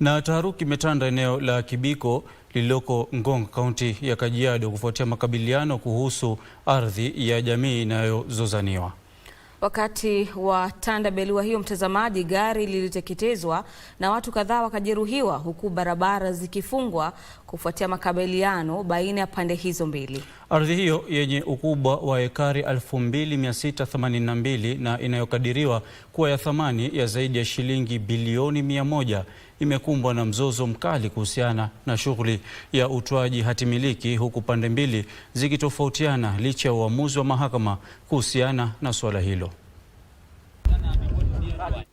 Na taharuki imetanda eneo la Kibiko lililoko Ngong, kaunti ya Kajiado kufuatia makabiliano kuhusu ardhi ya jamii inayozozaniwa. Wakati wa tanda tandabelua hiyo, mtazamaji, gari liliteketezwa na watu kadhaa wakajeruhiwa huku barabara zikifungwa kufuatia makabiliano baina ya pande hizo mbili. Ardhi hiyo yenye ukubwa wa ekari 2682 na inayokadiriwa kuwa ya thamani ya zaidi ya shilingi bilioni 100 imekumbwa na mzozo mkali kuhusiana na shughuli ya utoaji hatimiliki huku pande mbili zikitofautiana licha ya uamuzi wa mahakama kuhusiana na suala hilo.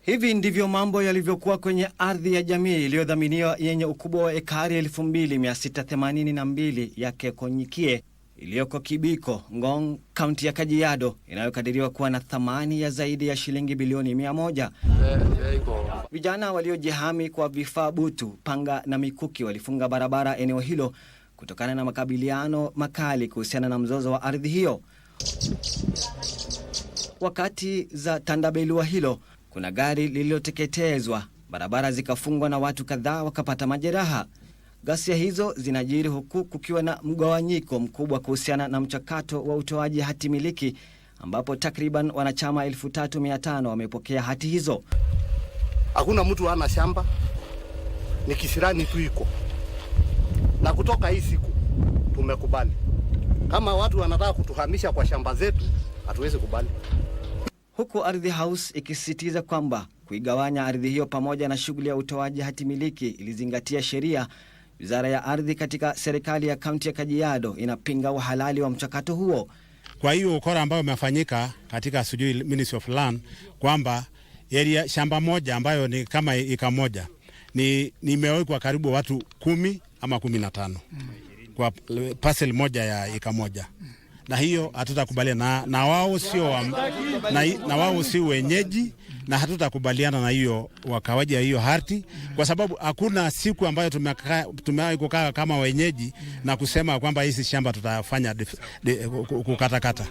Hivi ndivyo mambo yalivyokuwa kwenye ardhi ya jamii iliyodhaminiwa yenye ukubwa wa ekari 2682 ya Kekonyikie iliyoko Kibiko, Ngong, kaunti ya Kajiado inayokadiriwa kuwa na thamani ya zaidi ya shilingi bilioni mia moja. Vijana waliojihami kwa vifaa butu, panga na mikuki walifunga barabara eneo hilo kutokana na makabiliano makali kuhusiana na mzozo wa ardhi hiyo. Wakati za tandabelua hilo kuna gari lililoteketezwa, barabara zikafungwa na watu kadhaa wakapata majeraha. Ghasia hizo zinajiri huku kukiwa na mgawanyiko mkubwa kuhusiana na mchakato wa utoaji hati miliki ambapo takriban wanachama 3500 wamepokea hati hizo. Hakuna mtu ana shamba, ni kisirani tu iko na kutoka hii siku tumekubali, kama watu wanataka kutuhamisha kwa shamba zetu, hatuwezi kubali huku Ardhi House ikisisitiza kwamba kuigawanya ardhi hiyo pamoja na shughuli ya utoaji hati miliki ilizingatia sheria. Wizara ya ardhi katika serikali ya kaunti ya Kajiado inapinga uhalali wa mchakato huo. Kwa hiyo ukora ambayo umefanyika katika sijui Ministry of Land kwamba area shamba moja ambayo ni kama ika moja ni nimewekwa karibu watu kumi ama kumi na tano kwa parcel moja ya ika moja na hiyo hatutakubaliana na, na wao sio na, na wao si wenyeji na hatutakubaliana na hiyo wakawaji ya hiyo harti kwa sababu hakuna siku ambayo tumewahi kukaa kama wenyeji na kusema kwamba hizi shamba tutafanya kukatakata.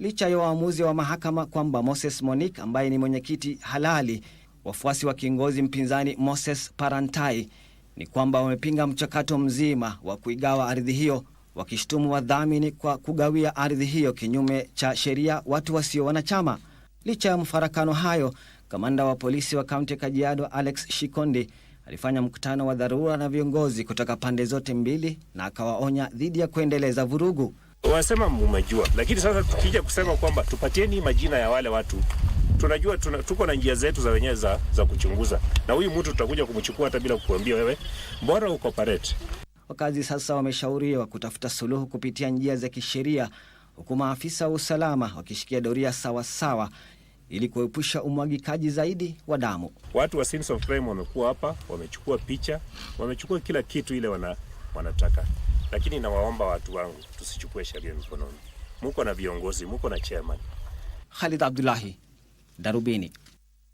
Licha ya waamuzi wa mahakama kwamba Moses Monique ambaye ni mwenyekiti halali, wafuasi wa kiongozi mpinzani Moses Parantai ni kwamba wamepinga mchakato mzima wa kuigawa ardhi hiyo wakishtumu wadhamini kwa kugawia ardhi hiyo kinyume cha sheria watu wasio wanachama. Licha ya mafarakano hayo, kamanda wa polisi wa kaunti ya Kajiado Alex Shikondi alifanya mkutano wa dharura na viongozi kutoka pande zote mbili na akawaonya dhidi ya kuendeleza vurugu. Wanasema mumejua, lakini sasa tukija kusema kwamba tupatieni majina ya wale watu, tunajua tuna, tuko na njia zetu za wenyewe za, za kuchunguza, na huyu mtu tutakuja kumchukua hata bila kukuambia wewe, mbora uko parate Wakazi sasa wameshauriwa kutafuta suluhu kupitia njia za kisheria, huku maafisa wa usalama wakishikia doria sawasawa ili kuepusha umwagikaji zaidi wa damu. Watu wa Scenes of Crime wamekuwa hapa, wamechukua picha, wamechukua kila kitu ile wana, wanataka, lakini nawaomba watu wangu tusichukue sheria mikononi. Muko na viongozi, muko na chairman. Khalid Abdullahi, Darubini.